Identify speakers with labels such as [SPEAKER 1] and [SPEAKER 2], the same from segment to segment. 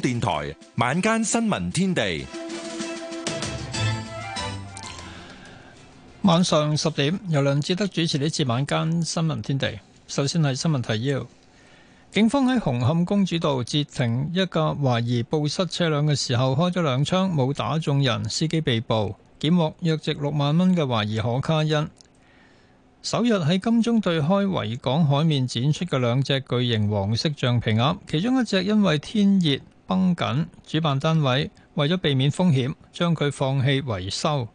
[SPEAKER 1] 電台晚間新聞天地，
[SPEAKER 2] 晚上十點由梁志德主持呢次晚間新聞天地。首先係新聞提要：警方喺紅磡公主道截停一架懷疑報失車輛嘅時候，開咗兩槍，冇打中人，司機被捕，檢獲約值六萬蚊嘅懷疑可卡因。首日喺金鐘對開維港海面展出嘅兩隻巨型黃色橡皮鴨，其中一隻因為天熱。繃緊，主辦單位為咗避免風險，將佢放棄維修。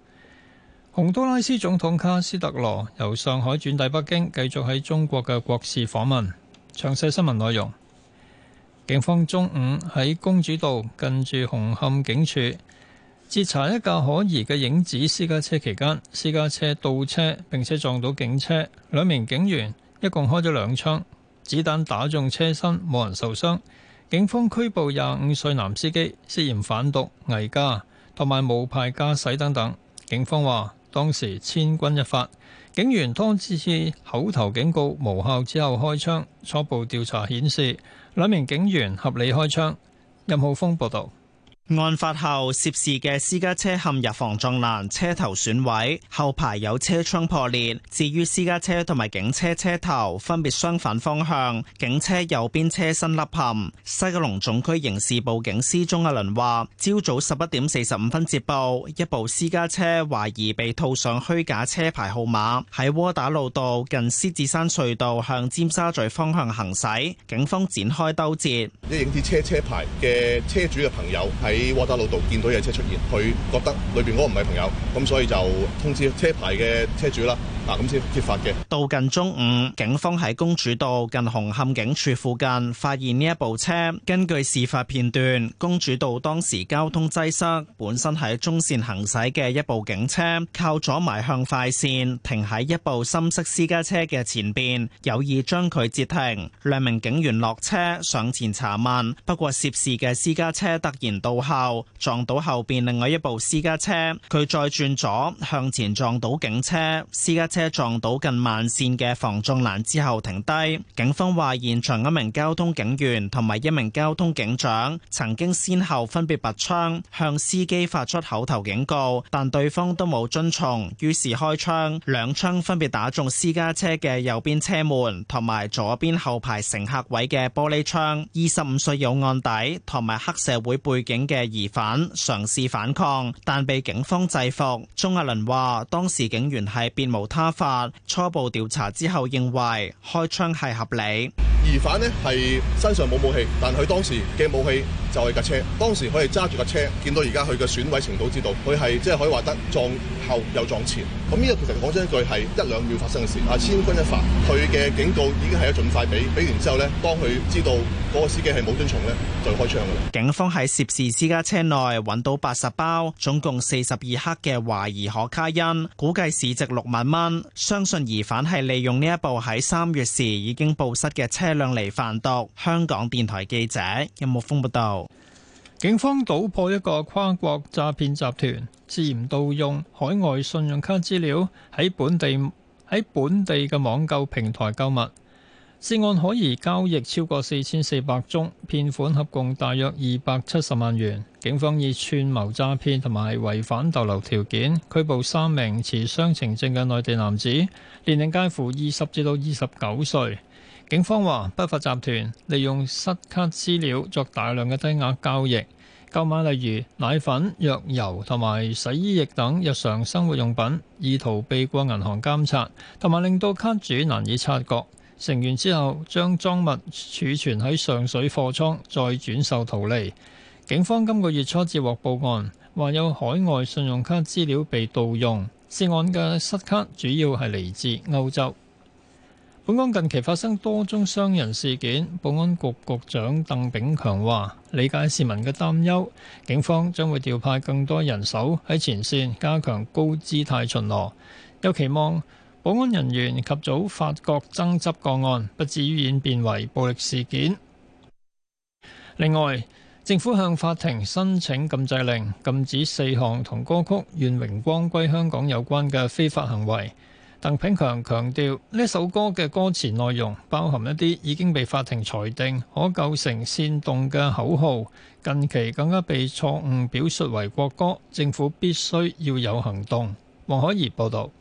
[SPEAKER 2] 洪都拉斯總統卡斯特羅由上海轉抵北京，繼續喺中國嘅國事訪問。詳細新聞內容，警方中午喺公主道近住紅磡警署截查一架可疑嘅影子私家車期間，私家車倒車並且撞到警車，兩名警員一共開咗兩槍，子彈打中車身，冇人受傷。警方拘捕廿五歲男司機，涉嫌販毒、危駕同埋無牌駕駛等等。警方話當時千鈞一髮，警員多次口頭警告無效之後開槍。初步調查顯示，兩名警員合理開槍。任浩
[SPEAKER 1] 峰報道。案發後，涉事嘅私家車陷入防撞欄，車頭損毀，後排有車窗破裂。至於私家車同埋警車車頭分別相反方向，警車右邊車身凹陷。西九龍總區刑事部警司鍾阿倫話，朝早十一點四十五分接報，一部私家車懷疑被套上虛假車牌號碼，喺窩打老道近獅子山隧道向尖沙咀方向行駛，警方展開兜截。你影啲車車牌嘅車主嘅朋友喺。喺窩打老道見到有車出現，佢覺得裏邊嗰個唔係朋友，咁所以就
[SPEAKER 2] 通知車牌嘅車主啦。嗱，咁先揭發嘅。
[SPEAKER 1] 到近中午，警方喺公主道近紅磡警署附近發現呢一部車。根據事發片段，公主道當時交通擠塞，本身喺中線行駛嘅一部警車靠左埋向快線，停喺一部深色私家車嘅前邊，有意將佢截停。兩名警員落車上前查問，不過涉事嘅私家車突然倒後撞到後邊另外一部私家車，佢再轉左向前撞到警車，私家車撞到近慢線嘅防撞欄之後停低。警方話現場一名交通警員同埋一名交通警長曾經先後分別拔槍向司機發出口頭警告，但對方都冇遵從，於是開槍，兩槍分別打中私家車嘅右邊車門同埋左邊後排乘客位嘅玻璃窗。二十五歲有案底同埋黑社會背景。嘅疑犯嘗試反抗，但被警方制服。鐘亞倫話：當時警員係別無他法。初步調查之後認為開槍係合理。疑犯呢係身上冇武器，但佢當時嘅武器，就係架車，當時佢係揸住架車，見到而家佢嘅損毀程度，知道佢係即係可以話得撞後又撞前。咁呢個其實講真一句係一兩秒發生嘅事，啊千鈞一髮，佢嘅警告已經
[SPEAKER 2] 係一盡快俾，俾完之後呢，當佢知道嗰個司機係冇遵從呢，就開槍㗎啦。
[SPEAKER 1] 警方喺涉事私家車內揾到八十包，總共四十二克嘅懷疑可卡因，估計市值六萬蚊。相信疑犯係利用呢一部喺三月時已經報失嘅車輛嚟販，販毒。香港電台記者任木風報道。警方搗破一個跨國詐騙集團，涉嫌盜用海外
[SPEAKER 2] 信用卡資料喺本地喺本地嘅網購平台購物。涉案可疑交易超過四千四百宗，騙款合共大約二百七十萬元。警方以串謀詐騙同埋違反逗留條件拘捕三名持雙程證嘅內地男子，年齡介乎二十至到二十九歲。警方話，不法集團利用失卡資料作大量嘅低額交易，購買例如奶粉、藥油同埋洗衣液等日常生活用品，意圖避過銀行監察，同埋令到卡主難以察覺。成員之後將贓物儲存喺上水貨倉，再轉售逃離。警方今個月初接獲報案，話有海外信用卡資料被盜用。涉案嘅失卡主要係嚟自歐洲。本港近期發生多宗傷人事件，保安局局長鄧炳強話：理解市民嘅擔憂，警方將會調派更多人手喺前線加強高姿態巡邏，又期望保安人員及早發覺爭執個案，不至於演變為暴力事件。另外，政府向法庭申請禁制令，禁止四項同歌曲《願榮光歸香港》有關嘅非法行為。鄧炳強強調，呢首歌嘅歌詞內容包含一啲已經被法庭裁定可構成煽動嘅口號，近期更加被錯誤表述為國歌，政府必須要有行動。黃海怡報道。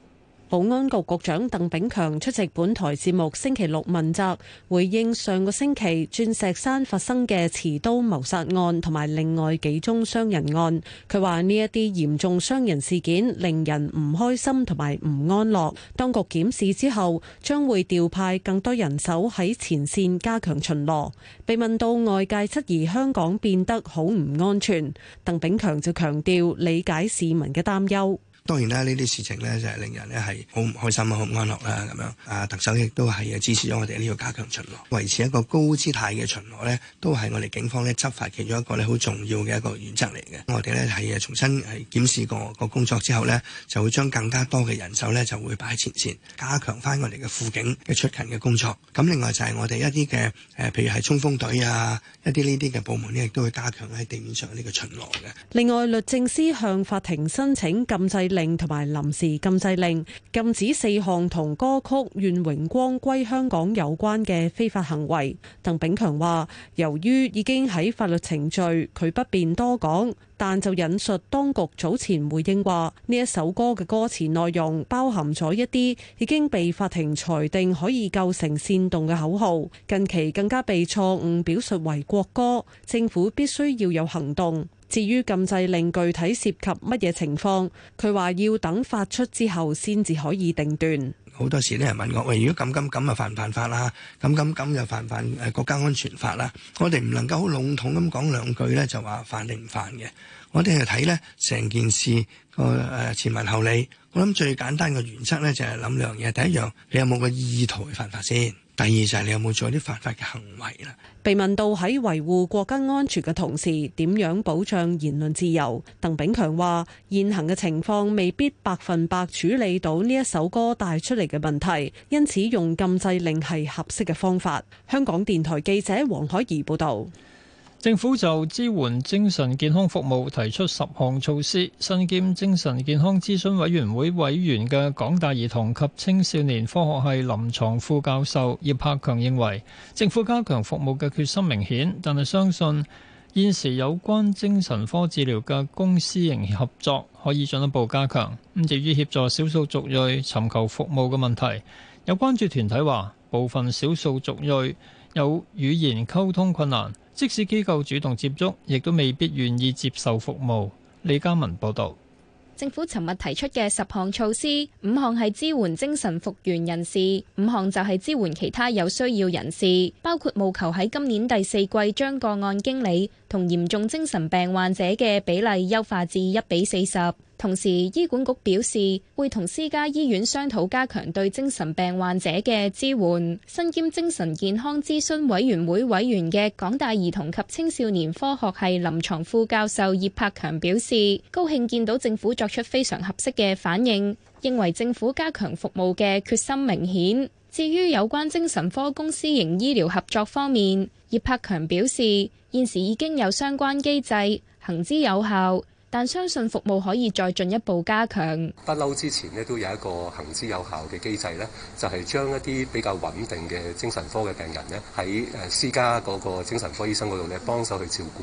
[SPEAKER 3] 保安局局長鄧炳強出席本台節目星期六問責，回應上個星期鑽石山發生嘅持刀謀殺案同埋另外幾宗傷人案。佢話呢一啲嚴重傷人事件令人唔開心同埋唔安樂。當局檢視之後，將會調派更多人手喺前線加強巡邏。被問到外界質疑香港變得好唔安全，鄧炳強就強調理解市民嘅擔憂。當然啦，呢啲
[SPEAKER 4] 事情呢就係令人呢係好唔開心啊，好唔安樂啦咁樣。啊，特首亦都係支持咗我哋呢個加強巡邏，維持一個高姿態嘅巡邏呢都係我哋警方呢執法其中一個呢好重要嘅一個原則嚟嘅。我哋呢係重新係檢視過個工作之後呢，就會將更加多嘅人手呢就會擺喺前線，加強翻我哋嘅輔警嘅出勤嘅工作。咁另外就係我哋一啲嘅誒，譬如係衝鋒隊啊，一啲呢啲嘅部門呢，亦都會加強喺地面上呢個巡邏嘅。
[SPEAKER 3] 另外律政司向法庭申請禁制。令同埋臨時禁制令，禁止四項同歌曲《願榮光歸香港》有關嘅非法行為。鄧炳強話：由於已經喺法律程序，佢不便多講，但就引述當局早前回應話，呢一首歌嘅歌詞內容包含咗一啲已經被法庭裁定可以構成煽動嘅口號，近期更加被錯誤表述為國歌，政府必須要有行動。至於禁制令具體涉及乜嘢情況，佢話要等發出之後先至可以定斷。
[SPEAKER 4] 好多時啲人問我喂，如果咁咁咁啊，這樣這樣就犯唔犯法啦？咁咁咁又犯唔犯誒國家安全法啦、啊？我哋唔能夠好籠統咁講兩句咧，就話犯定唔犯嘅。我哋係睇咧成件事個誒前文後理。我諗最簡單嘅原則咧，就係諗兩嘢。第一樣，你有冇個意圖犯法先？第二就係你有冇做啲犯法嘅行為
[SPEAKER 3] 啦？被問到喺維護國家安全嘅同時，點樣保障言論自由？鄧炳強話：現行嘅情況未必百分百處理到呢一首歌帶出嚟嘅問題，因此用禁制令係合適嘅方法。香港電台記者黃海怡報導。
[SPEAKER 2] 政府就支援精神健康服務提出十項措施。身兼精神健康諮詢委員會委員嘅港大兒童及青少年科學系臨床副教授葉柏強認為政府加強服務嘅決心明顯，但係相信現時有關精神科治療嘅公私營合作可以進一步加強，咁至於協助少數族裔尋求服務嘅問題，有關注團體話部分少數族裔。有語言溝通困難，即使機構主動接觸，亦都未必願意接受服務。李嘉文報導。
[SPEAKER 5] 政府尋日提出嘅十項措施，五項係支援精神復原人士，五項就係支援其他有需要人士，包括務求喺今年第四季將個案經理。同嚴重精神病患者嘅比例優化至一比四十，同時醫管局表示會同私家醫院商討加強對精神病患者嘅支援。身兼精神健康諮詢委員會委員嘅港大兒童及青少年科學系臨床副教授葉柏強表示，高興見到政府作出非常合適嘅反應，認為政府加強服務嘅決心明顯。至於有關精神科公私營醫療合作方面，葉柏強表示，現時已經有相關機制，行之有效，但相信服務可以再進一步加強。
[SPEAKER 6] 不嬲之前咧，都有一個行之有效嘅機制咧，就係將一啲比較穩定嘅精神
[SPEAKER 2] 科嘅病人咧，喺誒私家嗰個精神科醫生嗰度咧，幫手去照顧。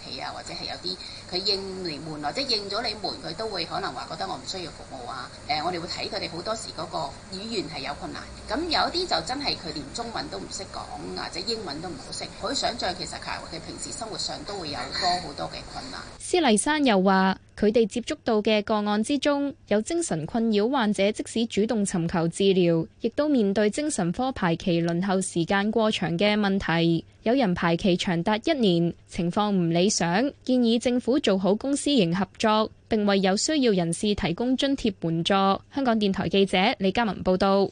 [SPEAKER 5] 企啊，或者係有啲佢應嚟門，或者應咗你門，佢都會可能話覺得我唔需要服務啊。誒，我哋會睇佢哋好多時嗰個語言係有困難。咁有啲就真係佢連中文都唔識講，或者英文都唔好識。可以想象其實佢平時生活上都會有多好多嘅困難。施麗珊又話。佢哋接觸到嘅個案之中，有精神困擾患者，即使主動尋求治療，亦都面對精神科排期輪候時間過長嘅問題。有人排期長達一年，情況唔理想。建議政府做好公私營合作，並為有需要人士提供津貼援助。香港電台記者李嘉文報道。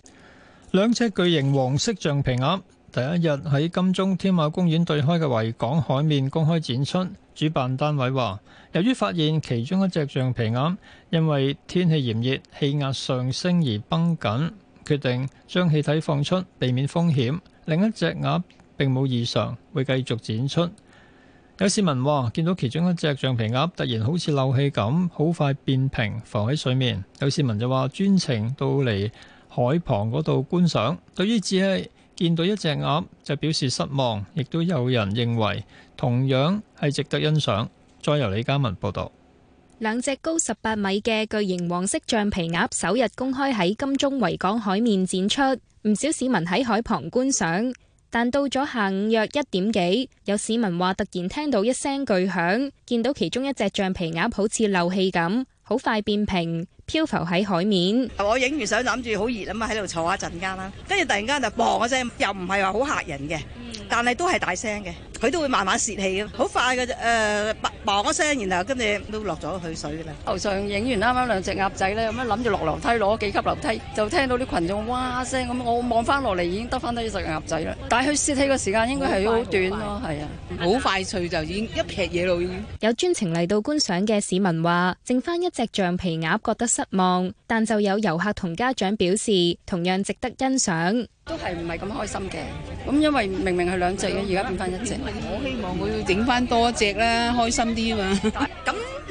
[SPEAKER 2] 兩隻巨型黃色橡皮鴨第一日喺金鐘添馬公園對開嘅維港海面公開展出。主辦單位話，由於發現其中一隻橡皮鴨因為天氣炎熱，氣壓上升而繃緊，決定將氣體放出，避免風險。另一隻鴨並冇異常，會繼續展出。有市民話，見到其中一隻橡皮鴨突然好似漏氣咁，好快變平，浮喺水面。有市民就話專程到嚟海旁嗰度觀賞。對於此，見到一隻鴨就表示失望，亦都有人認為同樣係值得欣賞。再由李家文報道，
[SPEAKER 5] 兩隻高十八米嘅巨型黃色橡皮鴨首日公開喺金鐘維港海面展出，唔少市民喺海旁觀賞。但到咗下午約一點幾，有市民話突然聽到一聲巨響，見到其中一隻橡皮鴨好似漏氣咁，好快變平。漂浮喺海
[SPEAKER 7] 面，我影完相就諗住好熱啊嘛，喺度坐一陣間啦，跟住突然間就嘣一聲，又唔係話好嚇人嘅，但係都係大聲嘅，佢都會慢慢泄氣嘅，好快嘅啫。誒、呃，
[SPEAKER 3] 嘣一聲，然後跟住都落咗去水嘅啦。樓上影完啱啱兩隻鴨仔咧，咁諗住落樓梯攞幾級樓梯，就聽到啲群眾哇聲咁，我望翻落嚟已經得翻得一隻鴨仔啦。但係佢泄氣嘅時間應該係好短咯，係快啊，好快，、啊、快脆就已經一撇嘢，路已經。
[SPEAKER 5] 有專程嚟到觀賞嘅市民話，剩翻一隻橡皮鴨，鴨，覺得。失望，但就有遊客同家長表示，同樣值得欣賞。
[SPEAKER 3] 都係唔係咁開心嘅，咁因為明明係兩隻嘅，而家變翻一隻。我希望我要整翻多一隻啦，嗯、開心啲啊嘛。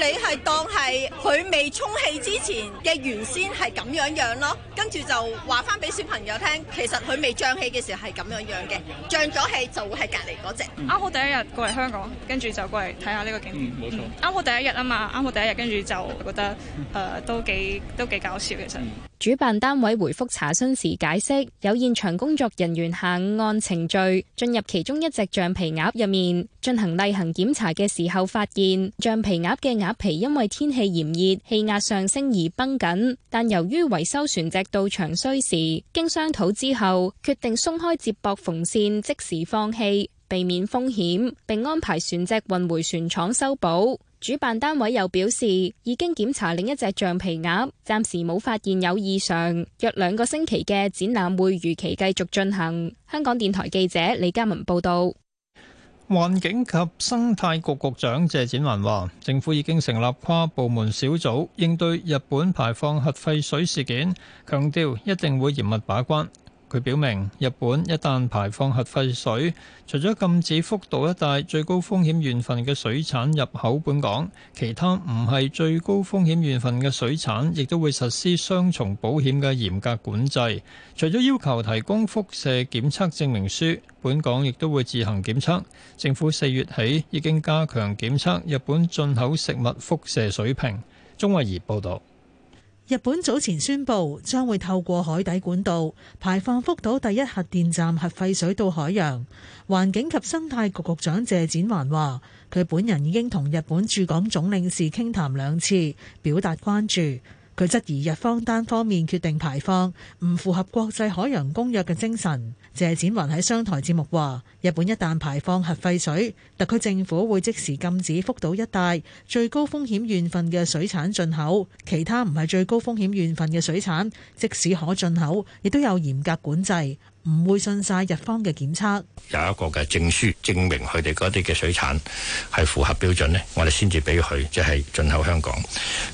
[SPEAKER 3] 你係當係佢未充氣之前嘅原先係咁樣樣咯，跟住就話翻俾小朋友聽，其實佢未漲氣嘅時候係咁樣
[SPEAKER 5] 樣嘅，漲咗氣就會係隔離嗰隻。啱、嗯、好第一日過嚟香港，跟住就過嚟睇下呢個景點。嗯，冇錯。啱、嗯、好第一日啊嘛，啱好第一日，跟住就覺得誒、呃、都幾都幾搞笑其實。嗯。主辦單位回覆查詢時解釋，有現場工作人員下午按程序進入其中一隻橡皮鴨入面進行例行檢查嘅時候，發現橡皮鴨嘅鴨皮因為天氣炎熱氣壓上升而繃緊，但由於維修船隻到場需時，經商討之後決定鬆開接駁縫線，即時放氣，避免風險，並安排船隻運回船廠修補。主辦單位又表示，已經檢查另一隻橡皮鴨，暫時冇發現有異常。約兩個星期嘅展覽會如期繼續進行。香港電台記者李嘉文報道。
[SPEAKER 2] 環境及生態局局長謝展寰話，政府已經成立跨部門小組應對日本排放核廢水事件，強調一定會嚴密把關。佢表明，日本一旦排放核廢水，除咗禁止福島一帶最高風險縣份嘅水產入口本港，其他唔係最高風險縣份嘅水產亦都會實施雙重保險嘅嚴格管制。除咗要求提供輻射檢測證明書，本港亦都會自行檢測，政府四月起已經加強檢測日本進口食物輻射水平。鍾慧儀報道。
[SPEAKER 7] 日本早前宣布將會透過海底管道，排放福島第一核電站核廢水到海洋。環境及生態局局長謝展環話，佢本人已經同日本駐港總領事傾談兩次，表達關注。佢質疑日方單方面決定排放唔符合國際海洋公約嘅精神。謝展寰喺商台節目話：日本一旦排放核廢水，特區政府會即時禁止福島一帶最高風險縣份嘅水產進口；其他唔係最高風險縣份嘅水產，即使可進口，亦都有嚴格管制。唔會信晒日方嘅檢測，
[SPEAKER 2] 有一個嘅證書證明佢哋嗰啲嘅水產係符合標準呢，我哋先至俾佢即係進口香港。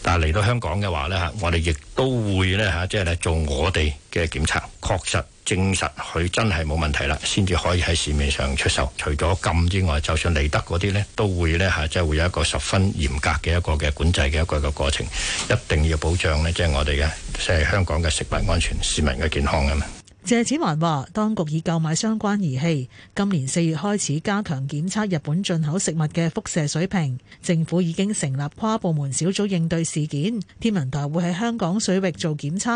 [SPEAKER 2] 但係嚟到香港嘅話呢，吓我哋亦都會呢，吓，即係做我哋嘅檢測，確實證實佢真係冇問題啦，先至可以喺市面上出售。除咗禁之外，就算嚟得嗰啲呢，都會呢，吓，即係會有一個十分嚴格嘅一個嘅管制嘅一個嘅過程，一定要保障呢，即係我哋嘅即係香港嘅食物安全、市民嘅健康啊嘛。
[SPEAKER 7] 謝展寰話：當局已購買相關儀器，今年四月開始加強檢測日本進口食物嘅輻射水平。政府已經成立跨部門小組應對事件，天文台會喺香港水域做檢測，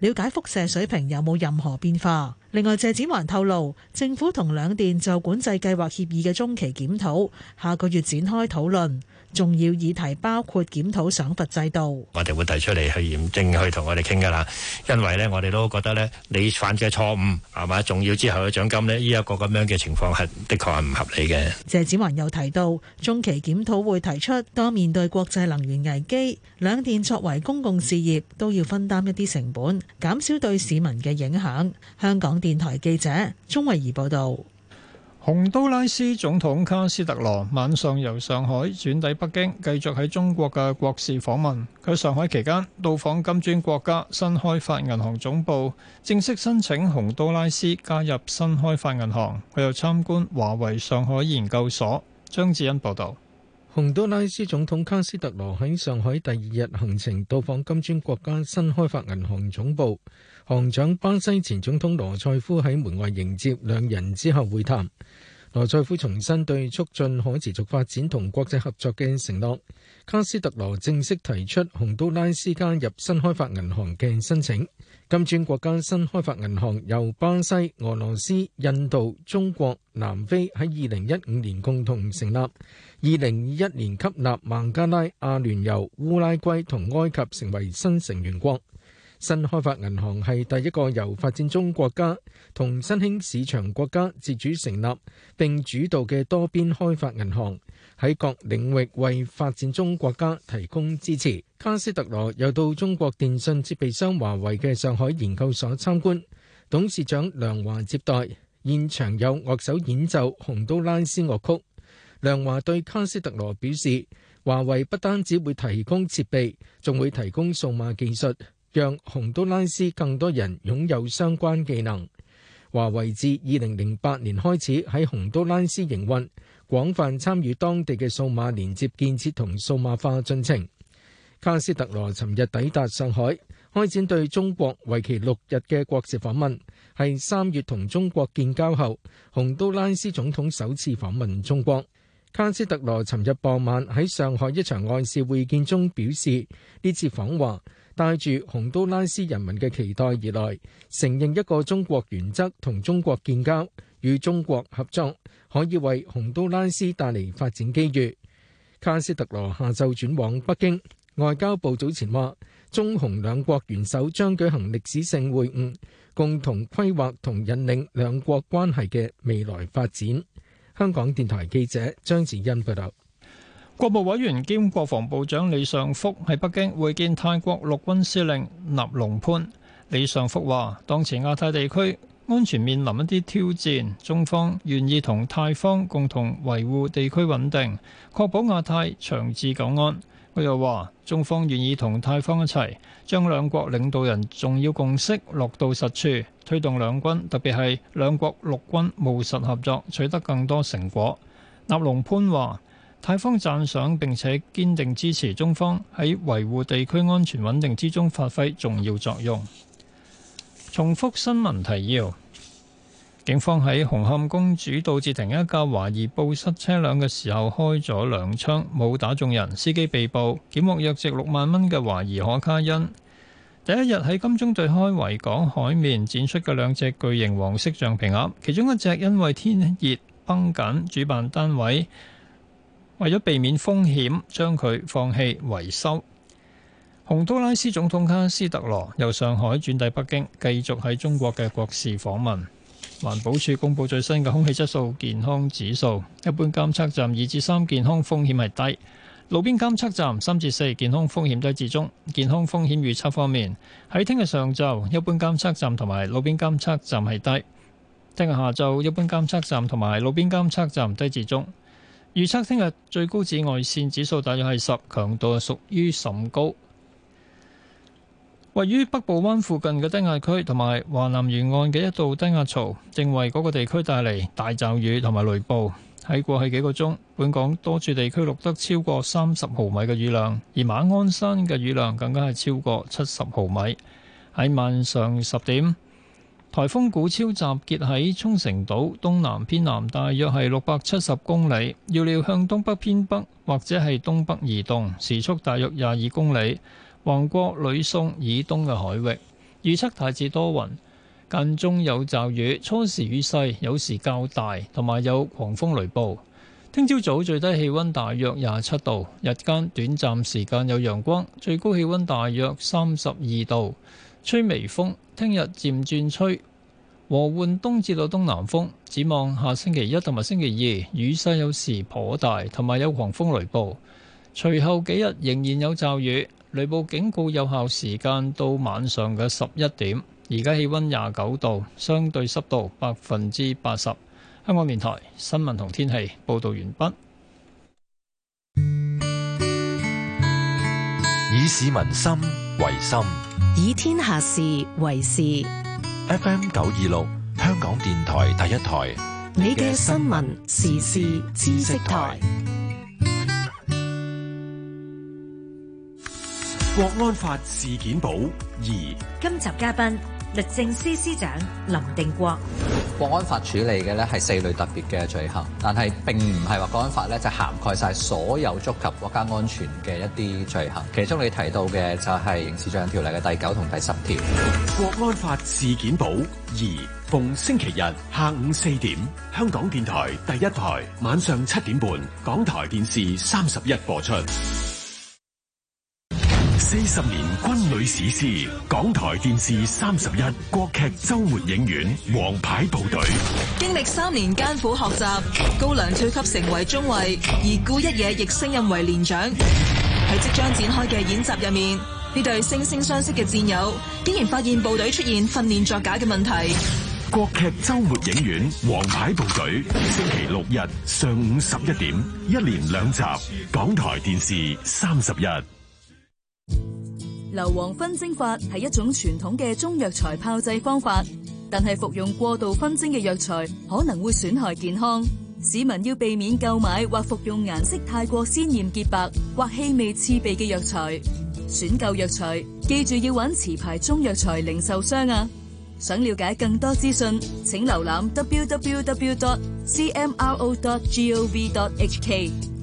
[SPEAKER 7] 了解輻射水平有冇任何變化。另外，謝展寰透露，政府同兩電就管制計劃協議嘅中期檢討，下個月展開討論。重要議題包括檢討賞罰制度，
[SPEAKER 2] 我哋會提出嚟去驗證去同我哋傾㗎喇。因為呢，我哋都覺得呢，你犯嘅錯誤係嘛重要之後嘅獎金呢，呢一個咁樣嘅情況係的確係唔合理嘅。
[SPEAKER 7] 謝展華又提到，中期檢討會提出，當面對國際能源危機，兩電作為公共事業都要分擔一啲成本，減少對市民嘅影響。香港電台記者鍾慧怡報道。
[SPEAKER 2] 洪都拉斯總統卡斯特羅晚上由上海轉抵北京，繼續喺中國嘅國事訪問。佢上海期間，到訪金磚國家新開發銀行總部，正式申請洪都拉斯加入新開發銀行。
[SPEAKER 6] 佢又參觀華為上海研究所，張智恩報道。洪都拉斯總統卡斯特羅喺上海第二日行程，到訪金磚國家新開發銀行總部。行長巴西前總統羅塞夫喺門外迎接，兩人之後會談。羅塞夫重申對促進可持續發展同國際合作嘅承諾。卡斯特羅正式提出洪都拉斯加入新開發銀行嘅申請。金磚國家新開發銀行由巴西、俄羅斯、印度、中國、南非喺二零一五年共同成立。二零二一年吸納孟加拉、阿聯酋、烏拉圭同埃及成為新成員國。新開發銀行係第一個由發展中國家同新興市場國家自主成立並主導嘅多邊開發銀行，喺各領域為發展中國家提供支持。卡斯特羅又到中國電信設備商華為嘅上海研究所參觀，董事長梁華接待，現場有樂手演奏《洪都拉斯樂曲》。梁華對卡斯特羅表示：華為不單止會提供設備，仲會提供數碼技術。讓洪都拉斯更多人擁有相關技能。華為自二零零八年開始喺洪都拉斯營運，廣泛參與當地嘅數碼連接建設同數碼化進程。卡斯特羅尋日抵達上海，開展對中國為期六日嘅國事訪問，係三月同中國建交後，洪都拉斯總統首次訪問中國。卡斯特羅尋日傍晚喺上海一場外事會見中表示，呢次訪華，帶住洪都拉斯人民嘅期待而來，承認一個中國原則同中國建交，與中國合作可以為洪都拉斯帶嚟發展機遇。卡斯特羅下晝轉往北京，外交部早前話，中洪兩國元首將舉行歷史性會晤，共同規劃同引領兩國關係嘅未來發展。香港電台記者張子欣報道。國務委
[SPEAKER 2] 員兼國防部長李尚福喺北京會見泰國陸軍司令納隆潘。李尚福話，當前亞太地區安全面臨一啲挑戰，中方願意同泰方共同維護地區穩定，確保亞太長治久安。佢又話，中方願意同泰方一齊，將兩國領導人重要共識落到實處，推動兩軍，特別係兩國陸軍務實合作，取得更多成果。納隆潘話：泰方讚賞並且堅定支持中方喺維護地區安全穩定之中發揮重要作用。重複新聞提要：警方喺紅磡公主道截停一架懷疑報失車輛嘅時候開咗兩槍冇打中人，司機被捕，檢獲約值六萬蚊嘅懷疑可卡因。第一日喺金鐘對開維港海面展出嘅兩隻巨型黃色橡皮鴨其中一隻因為天熱繃緊主辦單位。為咗避免風險，將佢放棄維修。洪都拉斯總統卡斯特羅由上海轉抵北京，繼續喺中國嘅國事訪問。環保署公布最新嘅空氣質素健康指數，一般監測站二至三健康風險係低，路邊監測站三至四健康風險低至中。健康風險預測方面，喺聽日上晝，一般監測站同埋路邊監測站係低；聽日下晝，一般監測站同埋路邊監測站低至中。預測聽日最高紫外線指數大約係十，強度屬於甚高。位於北部灣附近嘅低壓區，同埋華南沿岸嘅一道低壓槽，正為嗰個地區帶嚟大驟雨同埋雷暴。喺過去幾個鐘，本港多處地區錄得超過三十毫米嘅雨量，而馬鞍山嘅雨量更加係超過七十毫米。喺晚上十點，颱風古超集結喺沖繩島東南偏南，大約係六百七十公里，預料向東北偏北或者係東北移動，時速大約廿二公里，橫過呂宋以東嘅海域。預測大致多雲，間中有驟雨，初時雨勢，有時較大，同埋有狂風雷暴。聽朝早，早最低氣溫大約廿七度，日間短暫時間有陽光，最高氣溫大約三十二度。吹微風，聽日漸轉吹和緩東至到東南風。展望下星期一同埋星期二雨勢有時頗大，同埋有，有狂風雷暴。隨後幾日仍然有驟雨，雷暴警告有效時間到晚上嘅十一點。而家氣溫廿九度，相對濕度百分之八十。香港電台新聞同天氣報道完畢。
[SPEAKER 1] 以市民心為心。以天下事為事。FM 九二六香港電台第一台，你嘅新聞時事知識台。國安法事件簿二。
[SPEAKER 7] 今集嘉賓。律政司司長林定國，
[SPEAKER 1] 國安法處理嘅呢係四類特別嘅罪行，但係並唔係話國安法咧就涵蓋晒所有觸及國家安全嘅一啲罪行。其中你提到嘅就係刑事罪行條例嘅第九同第十條。國安法事件簿二，逢星期日下午四點
[SPEAKER 2] 香港電台第一台，晚上七點半港台電視三十一播出。四十年軍旅史詩，港台電視三十一國劇周末影院王牌部隊。
[SPEAKER 7] 經歷三年艱苦學習，高梁退級成為中尉，而顧一野亦升任為連長。喺即將展開嘅演習入面，呢對惺惺相惜嘅戰友，竟然發現部隊出現訓練作假嘅問題。
[SPEAKER 6] 國劇周末影院王牌部
[SPEAKER 1] 隊，星期六日上午十一點，一連兩集，港台電視三十一。
[SPEAKER 7] 硫磺熏蒸法係一種傳統嘅中藥材炮製方法，但係服用過度熏蒸嘅藥材可能會損害健康。市民要避免購買或服用顏色太過鮮艷、潔白或氣味刺鼻嘅藥材。選購藥材，記住要揾持牌中藥材零售商啊！想了解更多資訊，請瀏覽 www.cmro.gov.hk dot dot dot。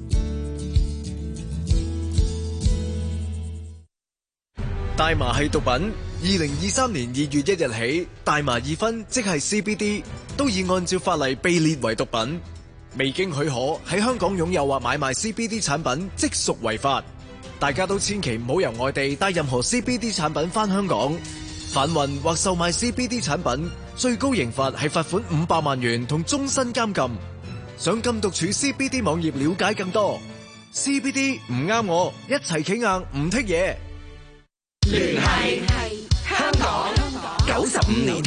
[SPEAKER 6] 大麻係毒品。二零二三年二月一日起，大麻二分即係 CBD 都已按照法例被列為毒品。未經許可喺香港擁有或買賣 CBD 產品即屬違法。大家都千祈唔好由外地帶任何 CBD 產品翻香港。販運或售賣 CBD 產品最高刑罰係罰款五百萬元同終身監禁。想禁毒處 CBD 網頁了解更多。CBD 唔啱我，一齊企硬唔剔嘢。聯繫香港九十五年。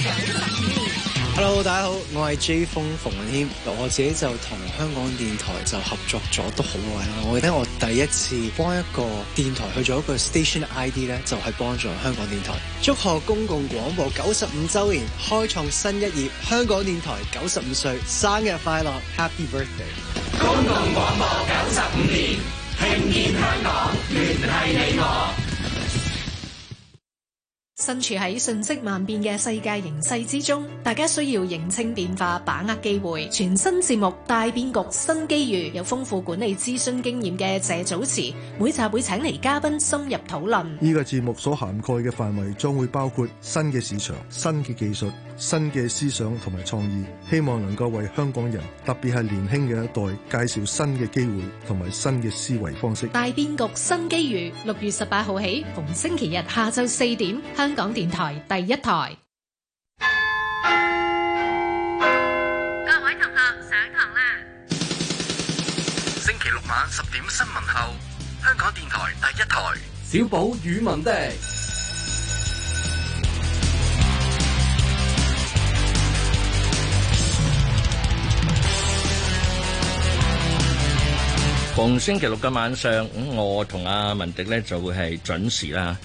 [SPEAKER 6] Hello，大家好，我係 J 風馮允謙。我自己就同香港電台就合作咗都好耐啦。我記得我第一次幫一個電台去做一個 station ID 咧，就係幫助香港電台祝賀公共廣播九十五周年，開創新一頁。香港電台九十五歲生日快樂，Happy Birthday！公共廣播九十五年，聽見香港，
[SPEAKER 4] 聯繫你我。
[SPEAKER 3] 身處喺瞬息萬變嘅世界形勢之中，大家需要認清變化，把握機會。全新節目大變局，新機遇。有豐富管理諮詢經驗嘅謝祖慈，每集會請嚟嘉賓深入討論。
[SPEAKER 6] 呢個節目所涵蓋嘅範圍將會包括新嘅市場、新嘅技術。新嘅思想同埋創意，希望能夠為香港人，特別係年輕嘅一代介紹新嘅機會同埋新嘅思維方式。大
[SPEAKER 3] 變局，新機遇。六月十八號起，逢星期日下晝四點，香港電台第一台。各
[SPEAKER 4] 位同學上堂啦！星期六晚十點新聞後，香港電台第一台。
[SPEAKER 3] 小寶語文的。
[SPEAKER 1] 逢星期六嘅晚上，我同阿文迪就會準時啦，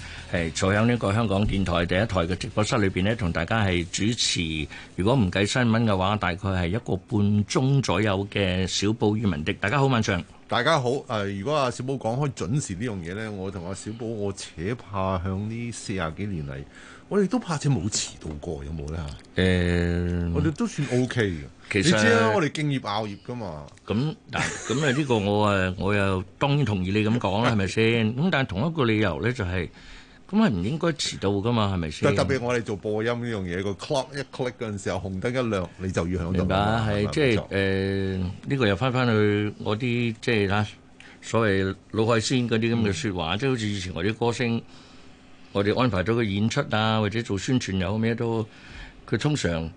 [SPEAKER 1] 坐響呢個香港電台第一台嘅直播室裏邊同大家主持。如果唔計新聞嘅話，大概係一個半鐘左右嘅小報與文迪。大家好，晚上。
[SPEAKER 6] 大家好，誒、呃，如果阿小寶講開
[SPEAKER 1] 準時呢樣嘢咧，我同阿小寶，我且怕向呢四十幾年嚟，我哋都怕且冇遲到過，有冇咧
[SPEAKER 6] 嚇？誒、欸，我哋
[SPEAKER 1] 都算 OK 嘅，其實，你知啦，我哋敬業熬業㗎嘛。咁嗱、嗯，咁誒呢個我誒，我又當然同意你咁講啦，係咪先？咁但係同一個理由咧，就係、是。咁係唔應該遲到噶嘛？係咪先？特別我哋做播音呢樣嘢，個 clock 一 click 嗰陣時候，紅燈一亮，你就要響度。明白係、啊嗯、即係誒，呢、呃這個又翻返去我啲即係啦，所謂老海鮮嗰啲咁嘅説話，嗯、即係好似以前我啲歌星，我哋安排咗個演出啊，或者做宣傳有咩都，佢通常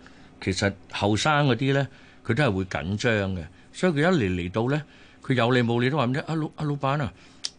[SPEAKER 1] 其實後生嗰啲咧，佢都係會
[SPEAKER 6] 緊張嘅，所以佢一嚟嚟到咧，佢有理無理都話唔得，阿、啊、老阿、啊、老闆啊。